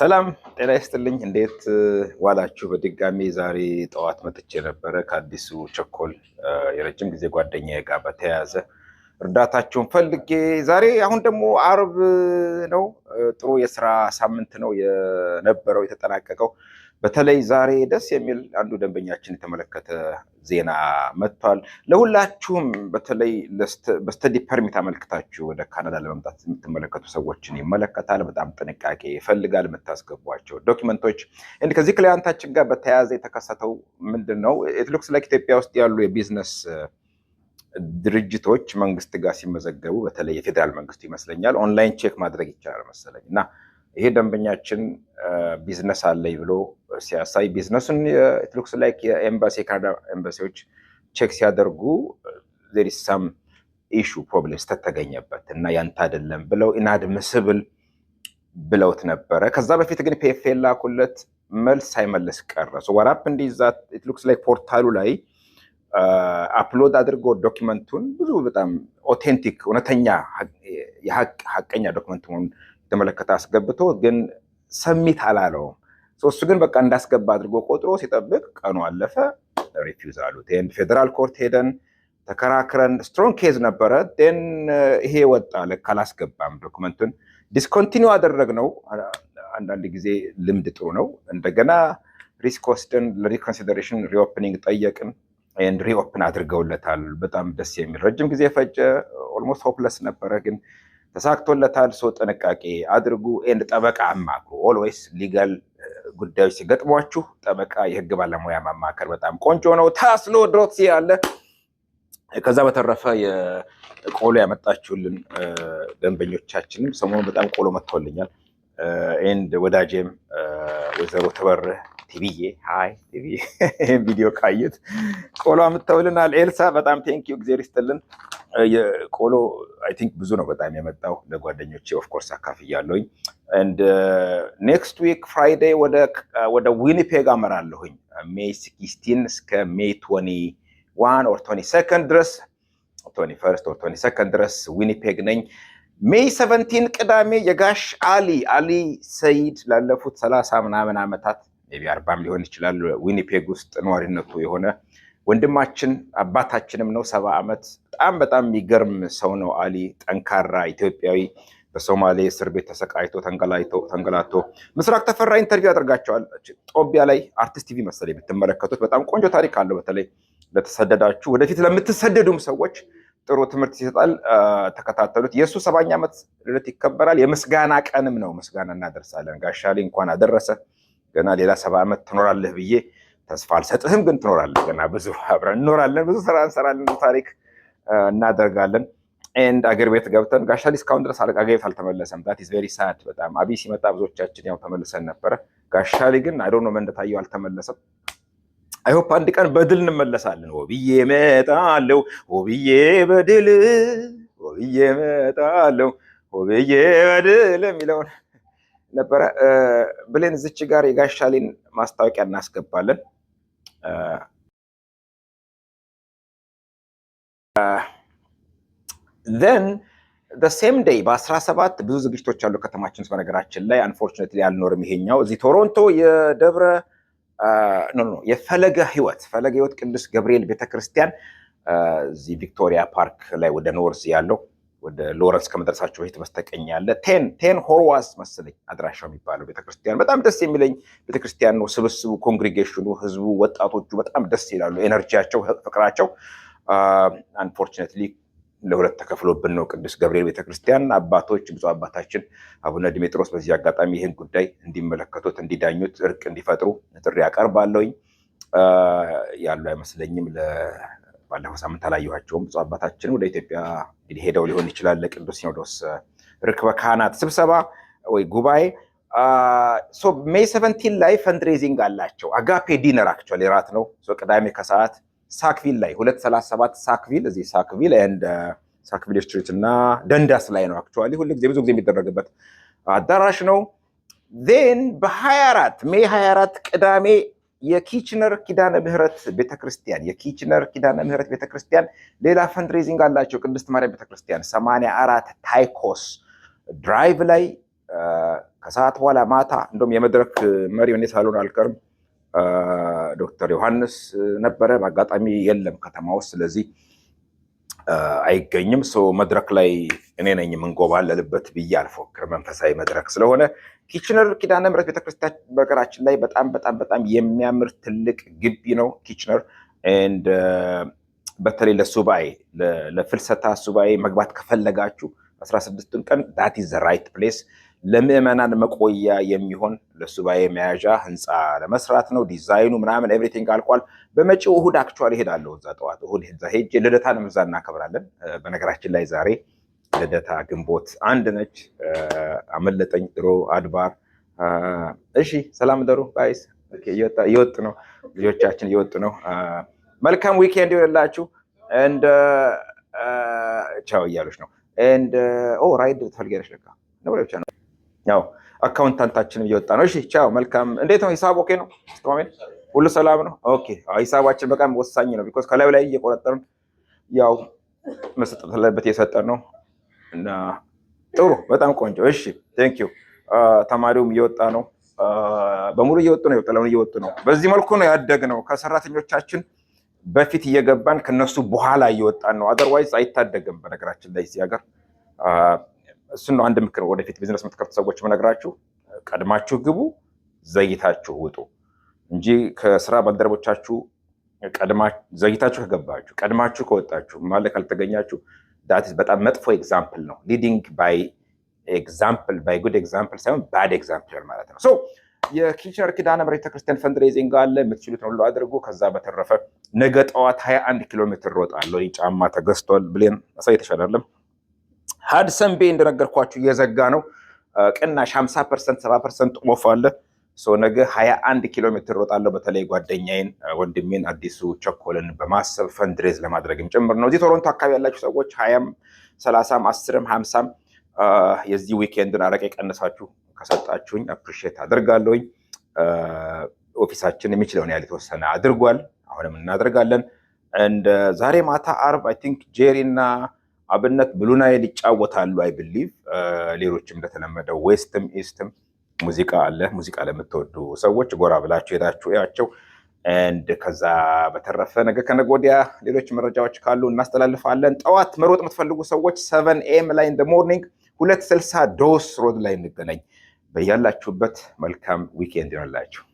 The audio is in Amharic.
ሰላም ጤና ይስጥልኝ። እንዴት ዋላችሁ? በድጋሚ ዛሬ ጠዋት መጥቼ ነበረ ከአዲሱ ቸኮል የረጅም ጊዜ ጓደኛ ጋር በተያያዘ እርዳታችሁን ፈልጌ ዛሬ አሁን ደግሞ አርብ ነው። ጥሩ የስራ ሳምንት ነው የነበረው የተጠናቀቀው። በተለይ ዛሬ ደስ የሚል አንዱ ደንበኛችን የተመለከተ ዜና መጥቷል። ለሁላችሁም በተለይ በስተዲ ፐርሚት አመልክታችሁ ወደ ካናዳ ለመምጣት የምትመለከቱ ሰዎችን ይመለከታል። በጣም ጥንቃቄ ይፈልጋል የምታስገቧቸው ዶኪመንቶች። እንዲህ ከዚህ ክሊያንታችን ጋር በተያያዘ የተከሰተው ምንድን ነው? ኢትሉክስ ላይክ ኢትዮጵያ ውስጥ ያሉ የቢዝነስ ድርጅቶች መንግስት ጋር ሲመዘገቡ፣ በተለይ የፌዴራል መንግስቱ ይመስለኛል ኦንላይን ቼክ ማድረግ ይቻላል መሰለኝ እና ይሄ ደንበኛችን ቢዝነስ አለኝ ብሎ ሲያሳይ ቢዝነሱን ኢትሉክስ ላይክ የኤምባሲ የካናዳ ኤምባሲዎች ቼክ ሲያደርጉ ዘሪሳም ኢሹ ፕሮብሌም ስተተገኘበት እና ያንተ አይደለም ብለው ኢናድሚስብል ብለውት ነበረ። ከዛ በፊት ግን ፒኤፍኤል ላኩለት መልስ ሳይመለስ ቀረ። ወራፕ እንዲዛ ኢትሉክስ ላይክ ፖርታሉ ላይ አፕሎድ አድርጎ ዶኪመንቱን ብዙ በጣም ኦቴንቲክ እውነተኛ ሀቀኛ ዶኪመንት መሆኑን የተመለከተ አስገብቶ ግን ሰሚት አላለውም። እሱ ግን በቃ እንዳስገባ አድርጎ ቆጥሮ ሲጠብቅ ቀኑ አለፈ። ሪፊውዝ አሉት። ፌዴራል ኮርት ሄደን ተከራክረን ስትሮንግ ኬዝ ነበረ። ን ይሄ ወጣ ልክ አላስገባም። ዶክመንቱን ዲስኮንቲኒው አደረግነው። አንዳንድ ጊዜ ልምድ ጥሩ ነው። እንደገና ሪስክ ወስደን ለሪኮንሲደሬሽን ሪኦፕኒንግ ጠየቅን። ሪኦፕን አድርገውለታል። በጣም ደስ የሚል ረጅም ጊዜ ፈጀ። ኦልሞስት ሆፕለስ ነበረ ግን ተሳክቶለታል። ሰው ጥንቃቄ አድርጉ። ኤንድ ጠበቃ አማክሩ። ኦልዌይስ ሊጋል uh, ጉዳዮች ሲገጥሟችሁ ጠበቃ፣ የህግ ባለሙያ ማማከር በጣም ቆንጆ ነው። ታስሎ ዶት አለ። ከዛ በተረፈ የቆሎ ያመጣችሁልን uh, ደንበኞቻችንም ሰሞኑ በጣም ቆሎ መጥቶልኛል። uh, ኤንድ ወዳጄም ወይዘሮ ትበርህ ቲቪዬ ሀይ ቲቪ ቪዲዮ ካየት ቆሎ አምጥተውልናል። ኤልሳ በጣም ቴንኪዩ፣ ጊዜ ይስጥልን። የቆሎ አይ ቲንክ ብዙ ነው በጣም የመጣው ለጓደኞች ኦፍኮርስ አካፍያለሁኝ። እንድ ኔክስት ዊክ ፍራይዴይ ወደ ዊኒፔግ አመራለሁኝ ሜይ ሲክስቲን እስከ ሜይ ቶኒ ዋን ኦር ቶኒ ሰከንድ ድረስ ቶኒ ፈርስት ኦር ቶኒ ሰከንድ ድረስ ዊኒፔግ ነኝ። ሜይ ሰቨንቲን ቅዳሜ የጋሽ አሊ አሊ ሰይድ ላለፉት ሰላሳ ምናምን ዓመታት ቢ አርባም ሊሆን ይችላል ዊኒፔግ ውስጥ ነዋሪነቱ የሆነ ወንድማችን አባታችንም ነው። ሰባ ዓመት በጣም በጣም የሚገርም ሰው ነው። አሊ ጠንካራ ኢትዮጵያዊ በሶማሌ እስር ቤት ተሰቃይቶ ተንገላቶ ምስራቅ ተፈራ ኢንተርቪው ያደርጋቸዋል። ጦቢያ ላይ አርቲስት ቲቪ መሰለ የምትመለከቱት በጣም ቆንጆ ታሪክ አለው። በተለይ ለተሰደዳችሁ ወደፊት ለምትሰደዱም ሰዎች ጥሩ ትምህርት ይሰጣል። ተከታተሉት። የእሱ ሰባኛ ዓመት ልደት ይከበራል። የምስጋና ቀንም ነው። ምስጋና እናደርሳለን። ጋሻሌ እንኳን አደረሰ። ገና ሌላ ሰባ ዓመት ትኖራለህ ብዬ ተስፋ አልሰጥህም፣ ግን ትኖራለህ። ገና ብዙ አብረን እንኖራለን፣ ብዙ ስራ እንሰራለን፣ ብዙ ታሪክ እናደርጋለን። ኤንድ አገር ቤት ገብተን ጋሻሊ እስካሁን ድረስ አገር ቤት አልተመለሰም። ዛት ኢዝ ቬሪ ሳድ በጣም አብይ ሲመጣ ብዙዎቻችን ያው ተመልሰን ነበረ። ጋሻሊ ግን አይ ዶንት ኖ እንደታየው አልተመለሰም። አይሆፕ አንድ ቀን በድል እንመለሳለን። ወብዬ እመጣለሁ፣ ወብዬ በድል ወብዬ እመጣለሁ፣ ወብዬ በድል የሚለውን ነበረ ብሌን። ዝች ጋር የጋሻሊን ማስታወቂያ እናስገባለን። ን ሴም ዴይ በ17 ብዙ ዝግጅቶች አሉ ከተማችን ውስጥ። በነገራችን ላይ አንፎርቹኔትሊ አልኖርም። ይሄኛው እዚህ ቶሮንቶ የደብረ uh, የፈለገ ህይወት ፈለገ ህይወት ቅዱስ ገብርኤል ቤተክርስቲያን uh, እዚህ ቪክቶሪያ ፓርክ ላይ ወደ ኖርዝ ያለው ወደ ሎረንስ ከመድረሳቸው በፊት በስተቀኝ ያለ ቴን ቴን ሆርዋዝ መሰለኝ አድራሻው የሚባለው ቤተክርስቲያን በጣም ደስ የሚለኝ ቤተክርስቲያን ነው። ስብስቡ፣ ኮንግሪጌሽኑ፣ ህዝቡ፣ ወጣቶቹ በጣም ደስ ይላሉ። ኤነርጂያቸው፣ ፍቅራቸው። አንፎርችነትሊ ለሁለት ተከፍሎብን ነው ቅዱስ ገብርኤል ቤተክርስቲያን አባቶች ብፁዕ አባታችን አቡነ ዲሜጥሮስ በዚህ አጋጣሚ ይህን ጉዳይ እንዲመለከቱት፣ እንዲዳኙት፣ እርቅ እንዲፈጥሩ ጥሪ አቀርባለሁኝ። ያሉ አይመስለኝም። ባለፈው ሳምንት አላየኋቸውም። ብፁዕ አባታችን ወደ ኢትዮጵያ እንግዲህ ሄደው ሊሆን ይችላል ለቅዱስ ሲኖዶስ ርክበ ካህናት ስብሰባ ወይ ጉባኤ። ሜይ ሰቨንቲን ላይ ፈንድሬዚንግ አላቸው። አጋፔ ዲነር አክቹዋሊ ራት ነው። ቅዳሜ ከሰዓት ሳክቪል ላይ ሁለት ሰላሳ ሰባት ሳክቪል እዚህ ሳክቪል ንድ ሳክቪል ስትሪት እና ደንዳስ ላይ ነው። አክቹዋሊ ሁሉ ጊዜ ብዙ ጊዜ የሚደረግበት አዳራሽ ነው። ዜን በ24 ሜይ 24 ቅዳሜ የኪችነር ኪዳነ ምህረት ቤተክርስቲያን የኪችነር ኪዳነ ምህረት ቤተክርስቲያን ሌላ ፈንድሬዚንግ አላቸው። ቅድስት ማርያም ቤተክርስቲያን 84 ታይኮስ ድራይቭ ላይ ከሰዓት በኋላ ማታ እንደውም የመድረክ መሪ እኔ ሳልሆን አልቀርም። ዶክተር ዮሐንስ ነበረ። በአጋጣሚ የለም ከተማ ውስጥ። ስለዚህ አይገኝም። መድረክ ላይ እኔ ነኝ የምንጎባለልበት ብዬ አልፎክር መንፈሳዊ መድረክ ስለሆነ ኪችነር ኪዳነ ምሕረት ቤተክርስቲያን በቀራችን ላይ በጣም በጣም በጣም የሚያምር ትልቅ ግቢ ነው። ኪችነር በተለይ ለሱባኤ ለፍልሰታ ሱባኤ መግባት ከፈለጋችሁ 16ቱን ቀን ዳት ኢዝ ዘ ራይት ፕሌስ ለምእመናን መቆያ የሚሆን ለሱባኤ መያዣ ህንፃ ለመስራት ነው። ዲዛይኑ ምናምን ኤቭሪቲንግ አልቋል። በመጪው እሁድ አክቹዋል ይሄዳለሁ እዛ ጠዋት እሁድ እዛ ሄጄ ልደታንም እዛ እናከብራለን። በነገራችን ላይ ዛሬ ልደታ ግንቦት አንድ ነች። አመለጠኝ ድሮ አድባር። እሺ ሰላም ደሩ ባይስ እየወጡ ነው ልጆቻችን እየወጡ ነው። መልካም ዊኬንድ ይሆንላችሁ። እንደ ቻው እያሉች ነው። ራይድ oh, ትፈልጊያለሽ ለካ ነው ብቻ ነው ያው አካውንታንታችንም እየወጣ ነው። እሺ ቻው፣ መልካም። እንዴት ነው ሂሳብ? ኦኬ ነው አስተማመን፣ ሁሉ ሰላም ነው። ኦኬ ሂሳባችን በጣም ወሳኝ ነው። ቢኮዝ ከላዩ ላይ እየቆረጠርን ያው መሰጠት አለበት እየሰጠን ነው። እና ጥሩ፣ በጣም ቆንጆ። እሺ ቴንክ ዩ። ተማሪውም እየወጣ ነው። በሙሉ እየወጡ ነው። ጥለውን እየወጡ ነው። በዚህ መልኩ ነው ያደግ ነው። ከሰራተኞቻችን በፊት እየገባን ከነሱ በኋላ እየወጣን ነው። አዘርዋይዝ አይታደግም። በነገራችን ላይ እዚህ ሀገር እሱን ነው አንድ ምክር ወደፊት ቢዝነስ የምትከፍቱ ሰዎች የምነግራችሁ፣ ቀድማችሁ ግቡ፣ ዘይታችሁ ውጡ እንጂ ከስራ ባልደረቦቻችሁ ዘይታችሁ ከገባችሁ ቀድማችሁ ከወጣችሁ ማለት ካልተገኛችሁ ዳትስ በጣም መጥፎ ኤግዛምፕል ነው። ሊዲንግ ባይ ኤግዛምፕል ባይ ጉድ ኤግዛምፕል ሳይሆን ባድ ኤግዛምፕል ማለት ነው። ሶ የኪቸር ኪዳነ ምሕረት ቤተክርስቲያን ፈንድሬዚንግ አለ። የምትችሉትን ሁሉ አድርጉ። ከዛ በተረፈ ነገ ጠዋት 21 ኪሎ ሜትር ሮጣለሁ። ጫማ ተገዝቷል ብሌን አሳይተሻል አይደለም? ሀድሰን ቤ እንደነገርኳችሁ እየዘጋ ነው። ቅናሽ 50 ፐርሰንት፣ 70 ፐርሰንት ኦፍ አለ። ነገ 21 ኪሎ ሜትር ሮጣለሁ። በተለይ ጓደኛዬን ወንድሜን አዲሱ ቸኮልን በማሰብ ፈንድሬዝ ለማድረግም ጭምር ነው። እዚህ ቶሮንቶ አካባቢ ያላችሁ ሰዎች ሀያም ሰላሳም አስርም ሀምሳም የዚህ ዊኬንድን አረቄ ቀንሳችሁ ከሰጣችሁኝ አፕሪሼት አድርጋለሁኝ። ኦፊሳችን የሚችለውን ያህል የተወሰነ አድርጓል። አሁንም እናደርጋለን። እንደ ዛሬ ማታ አርብ አይ ቲንክ ጄሪ እና አብነት ብሉናይል ይጫወታሉ አይ ብሊቭ። ሌሎችም እንደተለመደው ዌስትም ኢስትም ሙዚቃ አለ። ሙዚቃ ለምትወዱ ሰዎች ጎራ ብላችሁ ሄዳችሁ ያቸው እንድ ከዛ በተረፈ ነገ ከነገ ወዲያ ሌሎች መረጃዎች ካሉ እናስተላልፋለን። ጠዋት መሮጥ የምትፈልጉ ሰዎች ሰቨን ኤም ላይ ኢን ዘ ሞርኒንግ ሁለት ስልሳ ዶስ ሮድ ላይ እንገናኝ። በያላችሁበት መልካም ዊኬንድ ይሆንላችሁ።